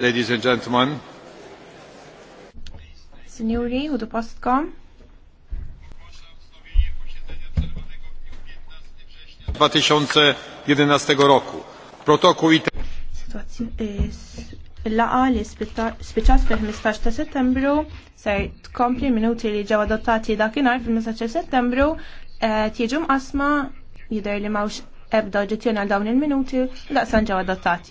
Ladies and gentlemen. Signori, u postkom. roku. Protokół i... Il-laqa li fil-15 ta' settembru ser tkompli minuti li fil-15 settembru e, mqasma jidher li mawx ebda oġġezzjoni għal dawn il-minuti daqsan ġew adottati.